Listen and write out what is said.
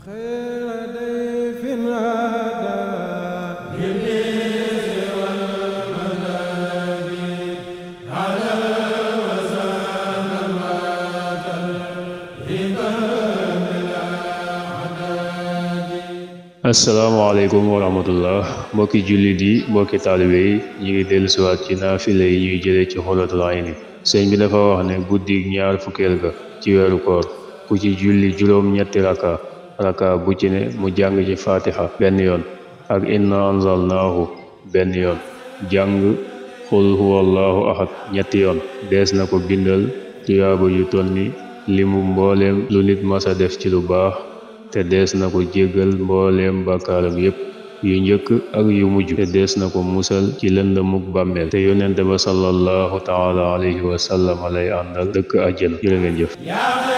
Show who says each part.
Speaker 1: asalaamaaleykum wa rahmatullah mbokki jullit yi mbokki taalibe yi ñu ngi dellusiwaat ci naafile yi ñuy jëlee ci xulatul ayni sëñ bi dafa wax ne guddi ñaar fukkeel ga ci weeru koor ku ci julli juróom ñetti raka raka bu ci ne mu jàng ci fatiha benn yoon ak inna anzalnaahu benn yoon jàng xul huwallahu ahad ñetti yoon dees na ko bindal tuyaaba yu toll limu mbooleem lu nit masa def ci lu baax te dees na ko jéggal mbooleem bàkkaaram yépp yu njëkk ak yu mujj te dees na ko musal ci lëndamuk bàmmeel te yonente ba sallallahu taala alayhi wa lay àndal dëkk àjjana jërë ngeen jëf